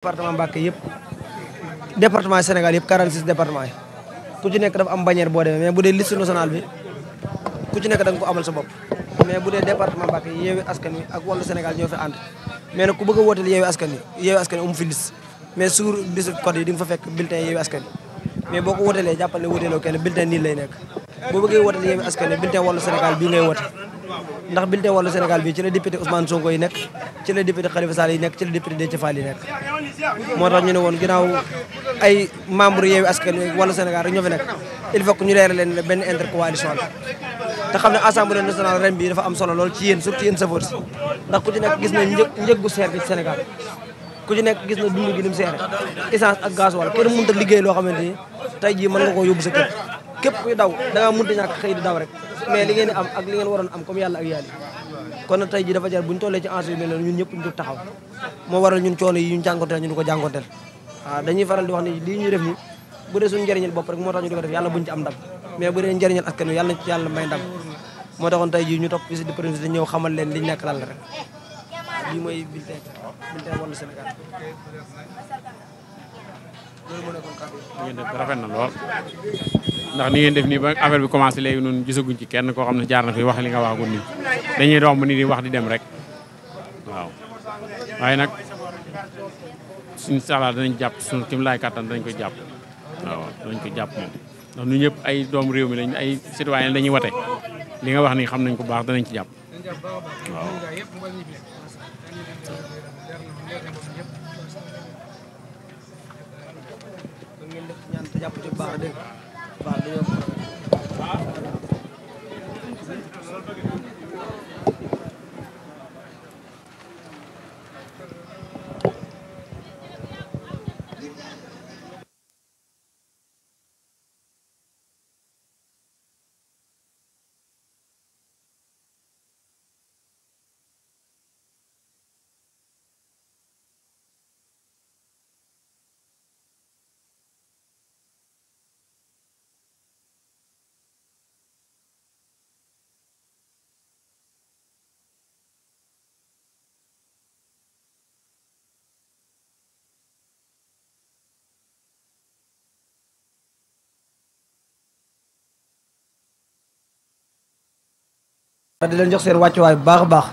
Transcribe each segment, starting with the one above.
département Mbacké yëpp département Sénégal yëpp 46 département yi ku ci nekk dafa am bannière boo demee mais bu dee liste nationale bi ku nekk da nga ko amal sa mais bu dee département Mbacké yeewi askan wi ak wàllu Sénégal ñoo fi ànd mais nag ku bëgg a wooteel yeewi askan wi yeewi askan wi amu fi yi di nga fa nekk boo bëggee wooteel yeewi askan wi bulletin wàllu Sénégal bii ngay woote ndax bulletin wàllu Sénégal bi ci la député Ousmane Sonko yi nekk ci la député Khalifa Sall yi nekk ci la député Déthié Fall yi nekk moo tax ñu ne woon ginnaaw ay membre yeewi askan wi wàllu Sénégal rek ñoo fi nekk il faut que ñu leeral leen benn intercoalition la te xam ne assemblée nationale ren bi dafa am solo lool ci yéen surtout yéen safar si ndax ku ci nekk gis na një njëggu seer ci Sénégal ku ci nekk gis na dund gi ni mu seere essence ak gasoil kenn mënut a liggéey loo xamante ni tey jii mën nga koo yóbbu sa képp kuy daw da ngaa mënta ñàkk xëy di daw rek mais li ngeen di am ak li ngeen waroon am comme yàlla ak yàlla kon na tey ji dafa jar bu ñu tollee ci enjeu bi ñun ñëpp ñu jóg taxaw moo waral ñun coono yi ñu jànkonteel ñu di ko jànkonteel waaw ah, dañuy faral di wax ni lii ñuy def ni bu dee suñu njëriñal bopp rek moo tax ñu di ko yàlla bu ci am ndam mais bu dee njëriñal askan wi yàlla ci yàlla may ndam moo taxoon tey ji ñu topp visite de président ñëw xamal leen liñ nekk lan la rek lii mooy bulletin bulletin wàllu Sénégal loolu moo nekkoon rafet na lool ndax ni ngeen def nii ba affaire bi commencé léegi noonu gisaguñ ci kenn koo xam ne jaar na fi wax li nga waxagoon nii dañuy romb ni di wax di dem rek waaw waaye nag suñu salaat danañ jàpp suñu kim laay kattan danañ ko jàpp waaw ko jàpp nu ñëpp ay doomu réew mi lañ ay citoyen dañuy wate li nga wax ni xam nañ ko baax danañ ci jàpp waaw di leen jox seen wàccuwaay bu baax a baax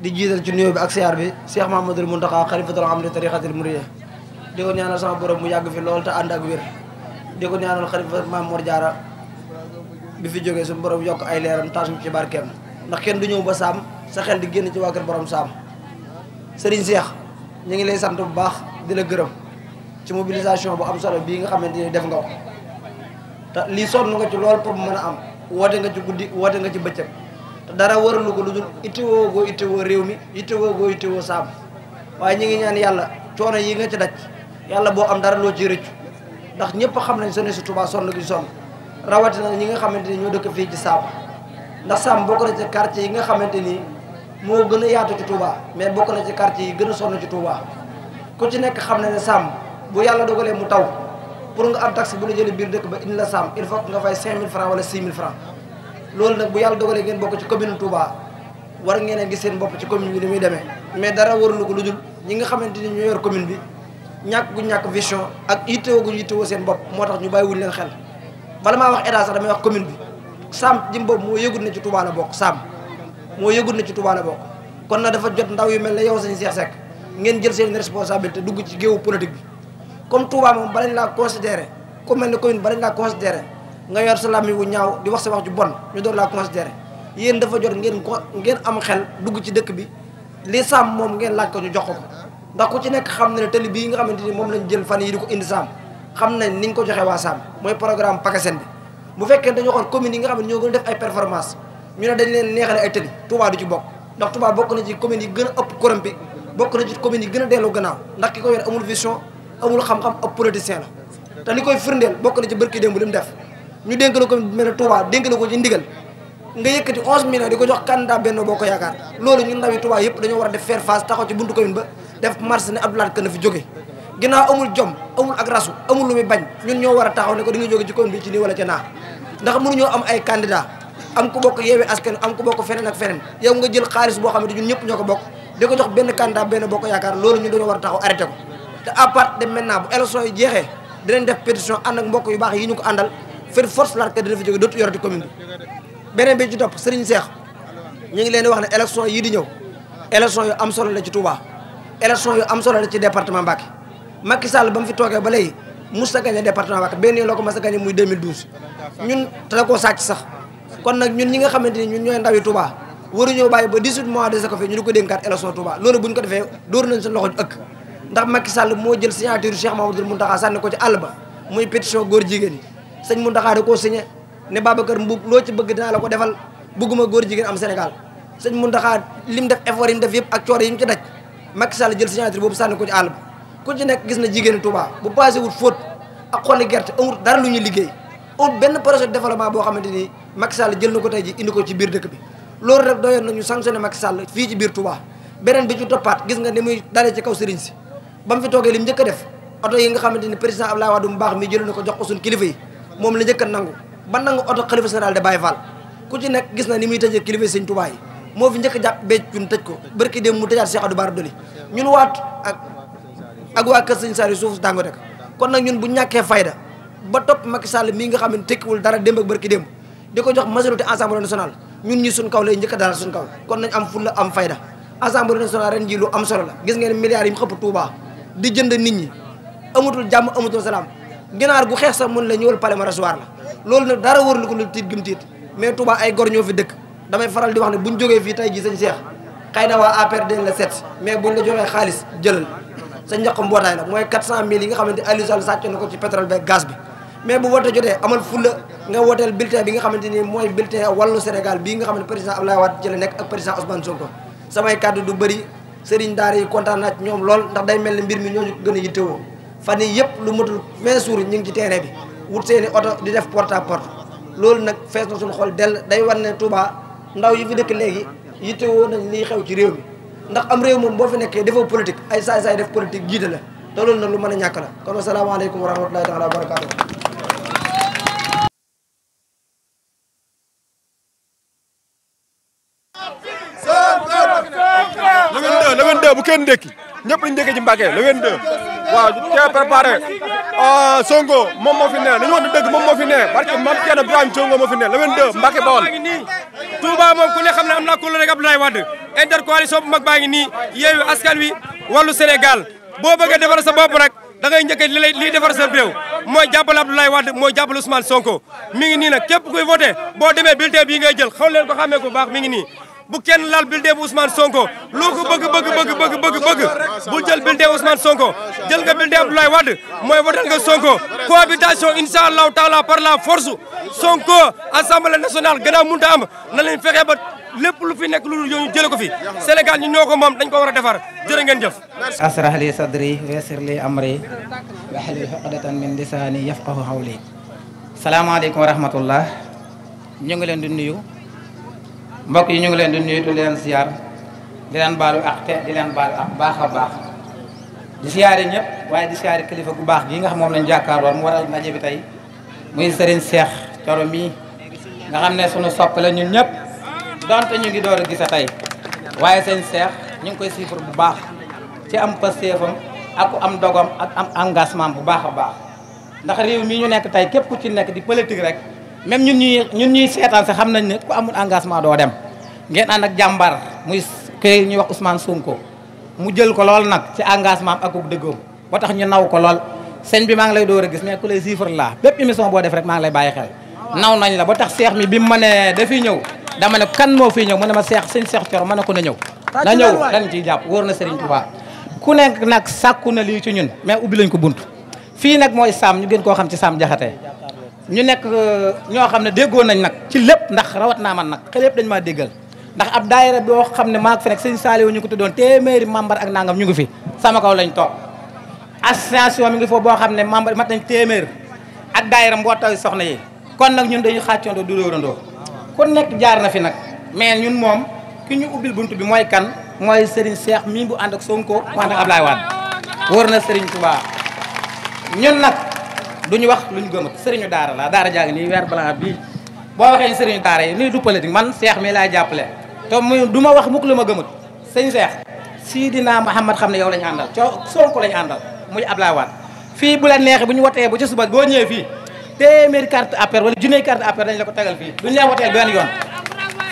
di jiital ci nuyoo bi ak siyaar bi ma Mahamadul Muntaxa xalifatul am li tariqatil muriya di ko ñaanal sama borom mu yàgg fi lool te ànd ak wér di ko ñaanal xalifa mam moor Jaara bi fi jógee suñu borom yokk ay leeram taas ñu ci barkeem ndax kenn du ñëw ba sam sa xel di génn ci waa kër borom saam Serigne Cheikh ñu ngi lay sant bu baax di la gërëm ci mobilisation bu am solo bii nga xamante ni def nga ko te lii sonn nga ci lool pour mën a am woote nga ci guddi woote nga ci bëccëg te dara waralu ko lu dul ittiwoo goo ittiwoo réew mi ittiwoo goo ittiwoo saam waaye ñi ngi ñaan yàlla coono yi nga ci daj yàlla boo am dara loo ci rëccu ndax ñëpp xam nañ sone si Touba sonn gi sonn rawatina ñi nga xamante ni ñoo dëkk fii ci saam ndax saam bokk na ci quartier yi nga xamante ni moo gën a yaatu ci Touba mais bokk na ci quartier yi gën a sonn ci Touba ku ci nekk xam na ne saam bu yàlla dogalee mu taw pour nga am taxi bu la jëlee biir dëkk ba wala 6000 loolu nag bu yàlla dogalee ngeen bokk ci commune Touba war ngeen a seen bopp ci commune bi ni muy demee mais dara warulu ko lu dul ñi nga xamante ni ñu yor commune bi ñàkk gu ñàkk vision ak yittewoo gu yittewoo seen bopp moo tax ñu bàyyi wuñ leen xel bala maa wax état sax damay wax commune bi Sam jëm boobu moo yëgut na ci Touba la bokk Sam moo yëgut na ci Touba la bokk kon na dafa jot ndaw yu mel ne yow sañ Cheikh Seck ngeen jël seen responsabilité dugg ci géewu politique bi comme Touba moom balañ laa considéré ku mel ne commune balañ laa considéré nga yor sa làmmiñ wu ñaaw di wax sa wax ju bon ñu door laa considéré yéen dafa jot ngeen ko ngeen am xel dugg ci dëkk bi li saam moom ngeen laaj ko ñu jox ko ndax ku ci nekk xam na ne tëli bii nga xamante ni moom lañ jël fan yi di ko indi saam xam nañ ni ñu ko joxee waa mooy programme pakaseen bi bu fekkee dañoo commune yi nga xam ne ñoo gën a def ay performance ñu ne dañ leen neexale ay tëli Touba du ci bokk ndax Touba bokk na ci commune yi gën a ëpp korom bokk na ci commune yi gën a delloo gannaaw ndax ki ko yor amul vision amul xam-xam ab politicien la te li koy firndeel bokk na ci bërki démb li def ñu dénk la ko mel ne Touba dénk ko ci ndigal nga yëkkati 11 millions di ko jox candidat Benno Bokk Yaakaar loolu ñun a def faire face taxaw ci buntu commune ba def marché ne Abdoulaye Kane fi jóge ginnaaw amul jom amul bañ ñoo war a taxaw ne ko di nga jóge ci commune bi ci nii wala ca ay candidat am ku bokk yeewee askan am bokk feneen ak feneen yow nga jël xaalis boo xam ne ñun ñoo ko bokk di ko jox benn candidat Benno Bokk Yaakaar loolu ñun dañoo war a taxaw arrêté ko te à part de maintenant bu élection yi jeexee dinañ def pétition ànd ak mbokk yu baax yi ñu ko àndal fir force larka dina fi jóge dootu yorati commune bi beneen bi ci topp Serigne Seex ñu ngi leen di wax ne élection yii di ñëw élection yu am solo la ci Touba élection yu am solo la ci département Mbacké Macky Sall ba mu fi toogee ba léegi mus a gagné département muy ñun ñi nga xamante ni ñun ñooy ndawi Touba waruñoo bàyyi ba 18 mois de sa ko fi ñu di ko àll ba muy pétition góor jigéen yi sëñ Mountakha da koo signé ne Babacar Mbuub loo ci bëgg dinaa la ko defal bëgguma góor jigéen am Sénégal sëñ Mountakha lim def effort yi mu def yëpp ak yi mu ci daj Macky Sall jël signature boobu sànni ko ci àll ku ci nekk gis na jigéenu Touba bu passé wut fóot ak gerte amul dara lu ñu liggéey amul benn projet de développement boo xamante ni Macky Sall jël na ko tey ji indi ko ci biir dëkk bi loolu rek doyoon nañu sanctionné Macky Sall fii ci biir Touba beneen bi ci toppaat gis nga ni muy dalee ci kaw sëriñ si ba mu fi toogee li mu njëkk a def oto yi nga xamante ni président Abdoulaye Wade mu baax mi jël na ko jox ko suñ kilifa yi moom la njëkk a nangu ba nangu oto xalifa général de Baye Fall ku ci nekk gis na ni muy tëjee kilifa sëñ Tuubaa yi moo fi njëkk a jàpp béccun tëj ko ki dem mu tëjaat Cheikh Abdou Bara Doli ñun waat ak ak waa kër sëñ Saliou suuf Dangote ko kon nag ñun bu ñàkkee fayda ba topp Macky Sall mii nga xam tekkiwul dara démb bër ki démb di ko jox majorité assemblée national ñun ñi suñ kaw lay njëkk a daal suñ kaw kon nañ am fulla am fayda assemblée nationale ren ji lu am solo la gis ngeen milliards yi mu xëpp Touba di jënd nit ñi amatul jàmm amatul salaam ginaar gu xeex sax mun la ñëwal pale ma recevoir la loolu nag dara wër lu ko lu tiit gëm tiit mais Touba ay gor ñoo fi dëkk damay faral di wax ne bu jógee fii tey ji sañ Cheikh xëy na waa APR dañ mais buñ la joxee xaalis jëlal sa njaq mbootaay la mooy 400000 yi nga xamante Aliou Sall sàcc na ko ci pétrole beeg gaz bi mais bu wote jotee amal fulla nga woteel bulletin bi nga xamante ni mooy bulletin wallu Sénégal bi nga xam ne président Abdoulaye Wade ci la nekk ak président Ousmane Sonko samay kàddu du bëri sëriñ daara yi kontaan naa ci ñoom day mel ni mbir mi ñooñu gën a fan yi yëpp lu matul 20 suur ñu ngi ci terrain bi wut seen oto di def porte à porte loolu nag fees na suñu xol dell day war ne Touba ndaw yi fi dëkk léegi yittewoo nañ liy xew ci réew mi ndax am réew moom boo fi nekkee defoo politique ay saay-saay def politique jiite la te loolu nag lu mën a ñàkk la kon asalaamaaleykum wa rahmatulahi taala wa barakaatu le 22 bu kenn ndekki ñëpp lañ ndekki ci Mbàkke le 22 waaw tey préparé ah, Sonko moom moo fi ne li ñu wax dëgg moom moo fi ne parce que Mame Thierno Birahim Sonko moo fi ne le 22 Mbacké Bawol. Touba moom ku ne xam ne am naa kuréel rek Abdoulaye Wade intercoalition bu mag baa ngi nii Yewwi Askan Wi Wallu Sénégal boo bëggee defar sa bopp rek da ngay njëkk li lay defar sa réew mooy jàppale Abdoulaye Wade mooy jàppale Ousmane Sonko mi ngi nii nag képp kuy voté boo demee bulletin bii ngay jël xaw leen ko xàmmee ko bu baax mi bu kenn laal bulletin bu Ousmane Sonko loo ko bëgg bëgg bëgg bëgg bëgg bëgg bu jël bulletin Ousmane Sonko jël nga bulletin Abdoulaye Wade mooy wotal nga Sonko cohabitation incha allahu taala par la force Sonko assemblée nationale gannaaw munta am na leen fexe ba lépp lu fi nekk lu ñu jële ko fi Sénégal ñu ñoo ko moom dañ ko war a defar jërë ngeen jëf asrah li sadri yasir li amri wahlul uqdatan min lisaani yafqahu qawli salaamaaleykum wa rahmatullah ñu ngi leen di nuyu mbokk yi ñu ngi leen di nuyu di leen siyaar di leen baalu ak te di leen baalu ak baax a baax di siyaare ñëpp waaye di siyaare kilifa gu baax gii nga xam moom lañ jàkkaarloo mu waral ndaje bi tey muy Serigne Cheikh Thioro mii nga xam ne sunu sopp la ñun ñëpp donte ñu ngi door a gisa tey waaye seen Cheikh ñu ngi koy siifar bu baax ci am pasteefam ak am dogom ak am engagement bu baax a baax ndax réew mii ñu nekk tey képp ku ci nekk di politique rek même ñun ñuy ñun ñuy seetaan sax xam nañ ne ku amul engagement doo dem ngeen ànd ak jàmbar muy këy ñuy wax Ousmane Sonko mu jël ko lool nag ci engagement am ak ak dëggoom ba tax ñu naw ko lool sëñ bi maa ngi lay door a gis mais ku lay siifar laa bépp émission boo def rek maa lay bàyyi xel naw nañ la ba tax seex mi bi mu ma ne dafiy ñëw dama ne kan moo fiy ñëw mu ne ma seex seen seex coro ma ne ko na ñëw na ñëw dañ ci jàpp wóor na Serigne Touba ku nekk nag sàkku na lii ci ñun mais ubbi lañ ko bunt fii nag mooy Sam ñu gën koo xam ci Sam Jaxate ñu nekk euh, ñoo xam ne déggoon nañ nag ci lépp ndax rawat naa man nag xel yëpp dañu maa déggal ndax ab daayira boo xam ne maa ngi fi nekk sëñ Saliou ñu ko tuddoon téeméeri membre ak nangam ñu ngi fi sama kaw lañ toog association mi ngi foofu boo xam ne membre mat nañ téeméer ak daayira mbootaay soxna yi kon nag ñun dañuy xàccondoo du dóorandoo ku nekk jaar na fi nag mais ñun moom ki ñu ubbil bunt bi mooy kan mooy Serigne Cheikh mii bu ànd ak Sonko mu ànd ak Ablaye na Serigne Touba ñun duñu wax luñu gëmat sëriñu daara laa daara jaa ngi nii weer blanc bii boo waxee sëriñu daara yi nii du politique man seex mi laay jàppale te muy du ma wax mukk lu ma gëmat sëñ seex Sidina Muhammad xam ne yow lañu àndal coo Sonko lañu àndal muy laa Wade fii bu la neexee bu ñu watee bu ci suba goo ñëwee fii téeméeri carte APR wala junni carte APR dañ la ko tegal fii duñu leen wotee benn yoon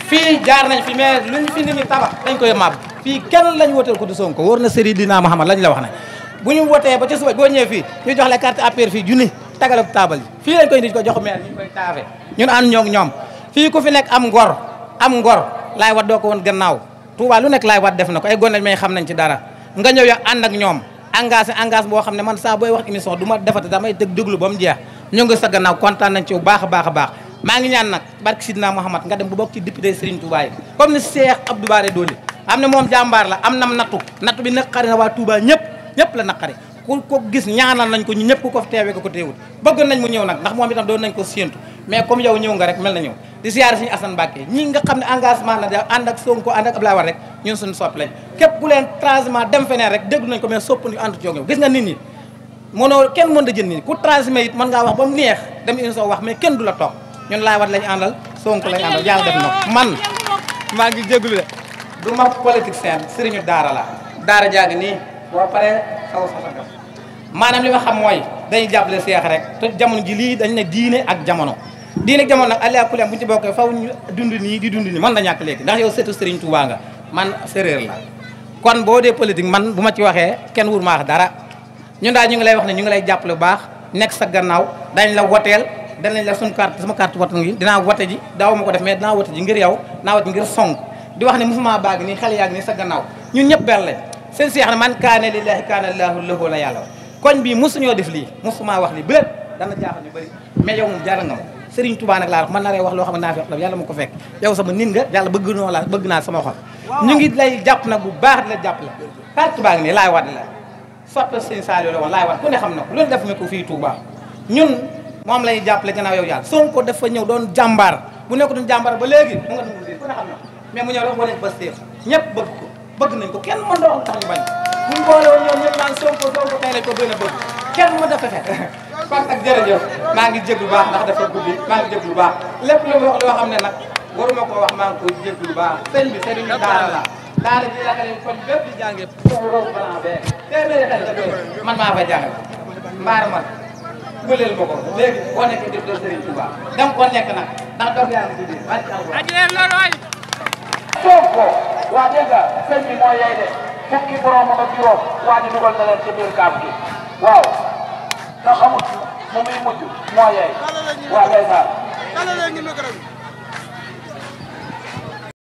fii jaar nañ fi mais luñ fi nit ñi tabax dañ koy màbb fii kenn lañ woteel ko du Sonko wóor na Sidina Muhammad lañ la wax ne bu ñu wotee ba ci suba boo ñëwee ñu jox la carte APR fii junni tagale ak taabal ji fii lañ koy indi ko jox ñu koy taafe ñoom fii ku fi nekk am ngor am ngor laay wat doo ko woon gannaaw Touba lu nekk laay wat def na ko ay gone may xam nañ ci dara nga ñëw yow ànd ak ñoom engagé engagé boo xam ne man saa booy wax émission du ma defate damay dëgg déglu ba mu jeex ñu ngi sa gannaaw kontaan nañ ci bu baax baax a baax maa ngi ñaan nag barke Sidna Muhammad nga dem bu bokk ci député Serigne Touba yi comme ni Cheikh Abdou Bara Dolly am na moom jàmbaar la am nam nattu nattu bi naqari na waa Touba ñëpp ñëpp la naqari ku ko gis ñaanal nañ ko ñu ñëpp ku ko teewee ko ko teewut bëgg nañ mu ñëw nag ndax moom itam doon nañ ko séentu mais comme yow ñëw nga rek mel na ñëw di siyaare suñu Assane Mbacké ñi nga xam ne engagement na da ànd ak Sonko ànd ak Abdoulaye Wade rek ñun suñu sopp lañ képp ku leen transmet dem feneen rek déglu soo la toog ñun laay wat lañ àndal Sonko ngi jéglu de daara la daara jàng nii boo paree xaw sa maanaam li ma xam mooy dañuy jàppale seex rek te jamono ji lii dañ ne diine ak jamono diine ak jamono nag allah kulli bu ñu ci bokkee faw ñu dund nii di dund nii man na ñàkk léegi ndax yow seetu Serigne Touba nga man séréer la kon boo dee politique man bu ma ci waxee kenn wur ma dara ñun daal ñu ngi lay wax ne ñu ngi lay jàppale bu baax nekk sa gannaaw dañ la woteel danañ la suñu carte sama carte wote ngi dinaa wote ji daaw ma ko def mais dinaa wote ji ngir yow dinaa ngir sonk wax ne mosuma baag nii xale yaa ngi nii sa gannaaw ñun ñëpp benn lañ man kaane lillahi kaane lahu lahu la yàlla koñ bi suñoo def lii mosumaa wax lii bu lépp dana jaaxal ñu bëri mais yow moom jaaral nga ma Serigne Touba nag laa wax man naree wax loo xam ne naa fi ko fekk yow sama nit nga yàlla bëgg noo la bëgg naa sama xol ñu ngi lay jàpp nag bu baax di la jàpp la carte baa ngi ne laay waat la soppe Serigne Saliou la woon laay ku ne xam na ko loolu def nga ko fii Touba ñun moom lay jàppale gannaaw yow yàlla Sonko ñëw doon jàmbaar bu nekk doon jàmbaar ba léegi mu nga dund ku ne xam na mais ñëpp bëgg ko bëgg nañ ko kenn mën doo xam tax ñu bañ bu ñu boole woon ñoom ñëpp naan Sonko Sonko tey lañ ko gën a bëgg kenn mën a fexe kon nag jërëjëf maa ngi jéglu baax ndax dafa guddi maa ngi jéglu baax lépp lu ma wax loo xam ne nag waruma ko wax maa ngi ko jéglu baax sëñ bi sëriñ daara la daara ji yaakaar ne kon bépp di jànge man maa fa jàngal mbaar man wëleel ma ko léegi boo nekk jëf doo sëriñ Touba dem ko nekk nag ndax dof yaa ngi ci biir barki alxuraan loolu waay Sonko waa dégg nga sëñ bi moo de fukki borom ak juróom waa ji dugal na leen ci biir kaaf gi waaw nga xamut mu muy mujj moo yey waa ngay naan